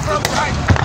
Abra, right.